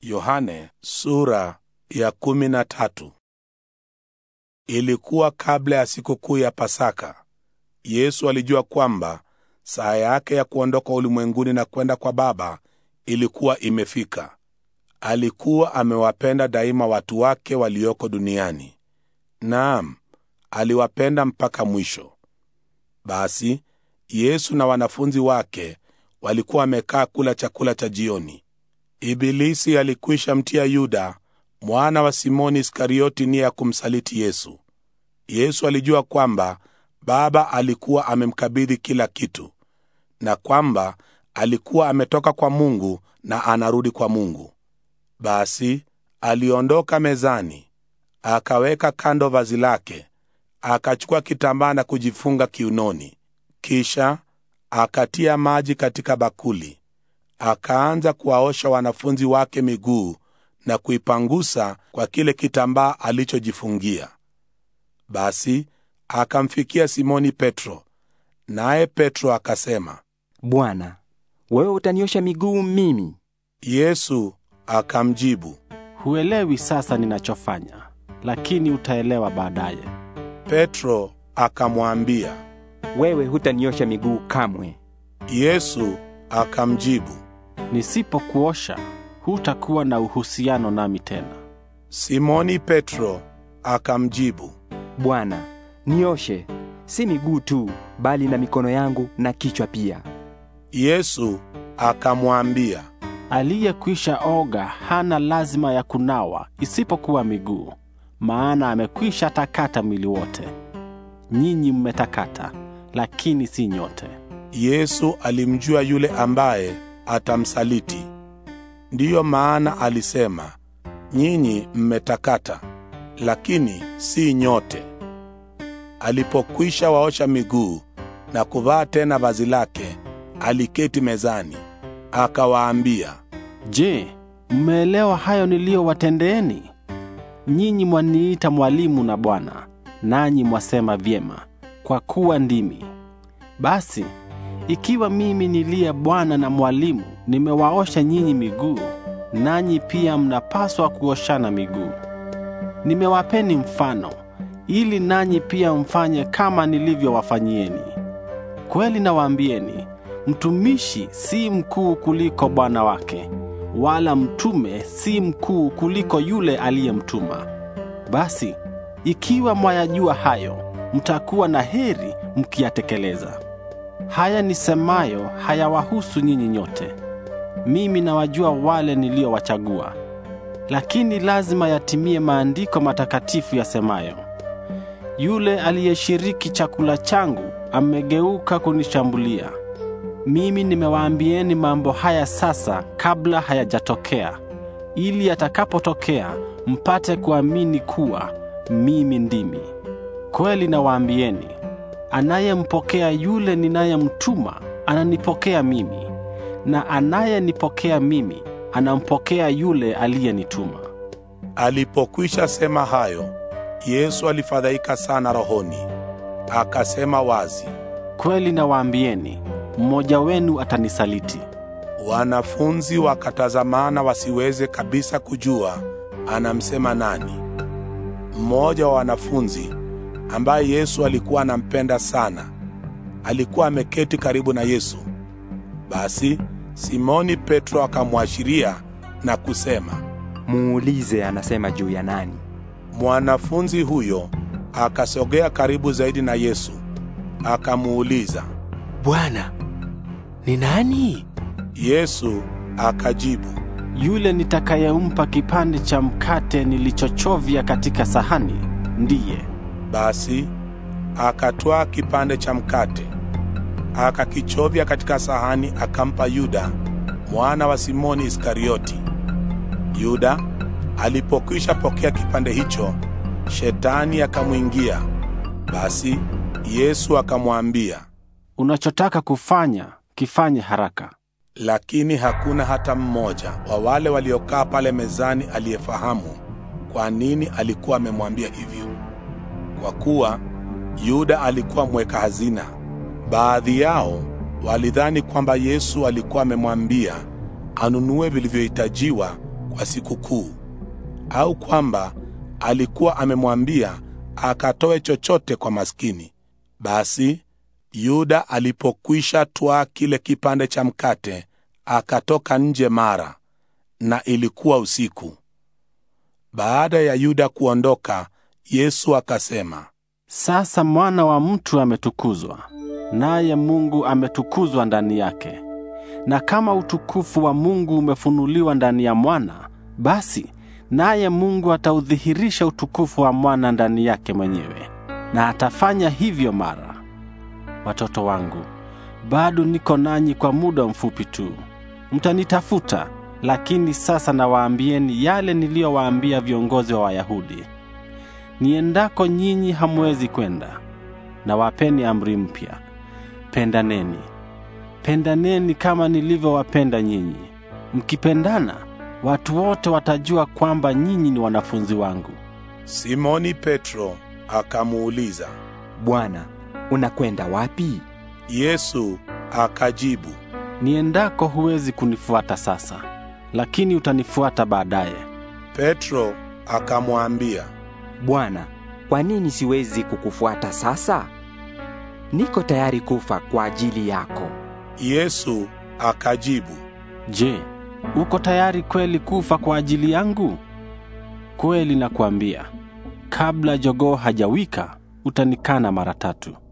Yohane sura ya kumi na tatu. Ilikuwa kabla ya sikukuu ya Pasaka. Yesu alijua kwamba saa yake ya kuondoka ulimwenguni na kwenda kwa Baba ilikuwa imefika. Alikuwa amewapenda daima watu wake walioko duniani. Naam, aliwapenda mpaka mwisho. Basi Yesu na wanafunzi wake walikuwa wamekaa kula chakula cha jioni. Ibilisi alikwisha mtia Yuda mwana wa Simoni Iskarioti nia ya kumsaliti Yesu. Yesu alijua kwamba Baba alikuwa amemkabidhi kila kitu na kwamba alikuwa ametoka kwa Mungu na anarudi kwa Mungu. Basi aliondoka mezani, akaweka kando vazi lake, akachukua kitambaa na kujifunga kiunoni. Kisha akatia maji katika bakuli, akaanza kuwaosha wanafunzi wake miguu na kuipangusa kwa kile kitambaa alichojifungia. Basi akamfikia Simoni Petro, naye Petro akasema, Bwana, wewe utaniosha miguu mimi? Yesu akamjibu, huelewi sasa ninachofanya, lakini utaelewa baadaye. Petro akamwambia, wewe hutaniosha miguu kamwe. Yesu akamjibu Nisipokuosha hutakuwa na uhusiano nami tena. Simoni Petro akamjibu, Bwana, nioshe si miguu tu, bali na mikono yangu na kichwa pia. Yesu akamwambia, aliyekwisha oga hana lazima ya kunawa isipokuwa miguu, maana amekwisha takata mwili wote. Nyinyi mmetakata, lakini si nyote. Yesu alimjua yule ambaye atamsaliti. Ndiyo maana alisema, nyinyi mmetakata, lakini si nyote. Alipokwisha waosha miguu na kuvaa tena vazi lake, aliketi mezani, akawaambia, Je, mmeelewa hayo niliyowatendeeni? Nyinyi mwaniita mwalimu na Bwana, nanyi mwasema vyema, kwa kuwa ndimi. Basi ikiwa mimi niliye bwana na mwalimu nimewaosha nyinyi miguu, nanyi pia mnapaswa kuoshana miguu. Nimewapeni mfano ili nanyi pia mfanye kama nilivyowafanyieni. Kweli nawaambieni, mtumishi si mkuu kuliko bwana wake, wala mtume si mkuu kuliko yule aliyemtuma. Basi ikiwa mwayajua hayo, mtakuwa na heri mkiyatekeleza. Haya nisemayo hayawahusu nyinyi nyote. Mimi nawajua wale niliowachagua. Lakini lazima yatimie maandiko matakatifu yasemayo, yule aliyeshiriki chakula changu amegeuka kunishambulia. Mimi nimewaambieni mambo haya sasa kabla hayajatokea, ili yatakapotokea mpate kuamini kuwa mimi ndimi. Kweli nawaambieni Anayempokea yule ninayemtuma ananipokea mimi, na anayenipokea mimi anampokea yule aliyenituma. Alipokwisha sema hayo, Yesu alifadhaika sana rohoni, akasema wazi, kweli nawaambieni, mmoja wenu atanisaliti. Wanafunzi wakatazamana wasiweze kabisa kujua anamsema nani. Mmoja wa wanafunzi ambaye Yesu alikuwa anampenda sana, alikuwa ameketi karibu na Yesu. Basi Simoni Petro akamwashiria na kusema, muulize anasema juu ya nani? Mwanafunzi huyo akasogea karibu zaidi na Yesu akamuuliza, Bwana, ni nani? Yesu akajibu, yule nitakayempa kipande cha mkate nilichochovya katika sahani ndiye. Basi akatwaa kipande cha mkate akakichovya katika sahani, akampa Yuda mwana wa Simoni Iskarioti. Yuda alipokwisha pokea kipande hicho, shetani akamwingia. Basi Yesu akamwambia, unachotaka kufanya kifanye haraka. Lakini hakuna hata mmoja wa wale waliokaa pale mezani aliyefahamu kwa nini alikuwa amemwambia hivyo kwa kuwa Yuda alikuwa mweka hazina. Baadhi yao walidhani kwamba Yesu alikuwa amemwambia anunue vilivyohitajiwa kwa siku kuu, au kwamba alikuwa amemwambia akatoe chochote kwa maskini. Basi Yuda alipokwisha twaa kile kipande cha mkate, akatoka nje mara, na ilikuwa usiku. Baada ya Yuda kuondoka, Yesu akasema, sasa mwana wa mtu ametukuzwa, naye Mungu ametukuzwa ndani yake. Na kama utukufu wa Mungu umefunuliwa ndani ya mwana, basi naye Mungu ataudhihirisha utukufu wa mwana ndani yake mwenyewe, na atafanya hivyo mara. Watoto wangu, bado niko nanyi kwa muda mfupi tu. Mtanitafuta, lakini sasa nawaambieni yale niliyowaambia viongozi wa Wayahudi niendako nyinyi hamwezi kwenda. Na wapeni amri mpya, pendaneni. Pendaneni kama nilivyowapenda nyinyi. Mkipendana, watu wote watajua kwamba nyinyi ni wanafunzi wangu. Simoni Petro akamuuliza, Bwana, unakwenda wapi? Yesu akajibu, niendako huwezi kunifuata sasa, lakini utanifuata baadaye. Petro akamwambia Bwana, kwa nini siwezi kukufuata sasa? Niko tayari kufa kwa ajili yako. Yesu akajibu, Je, uko tayari kweli kufa kwa ajili yangu? Kweli nakuambia, kabla jogoo hajawika, utanikana mara tatu.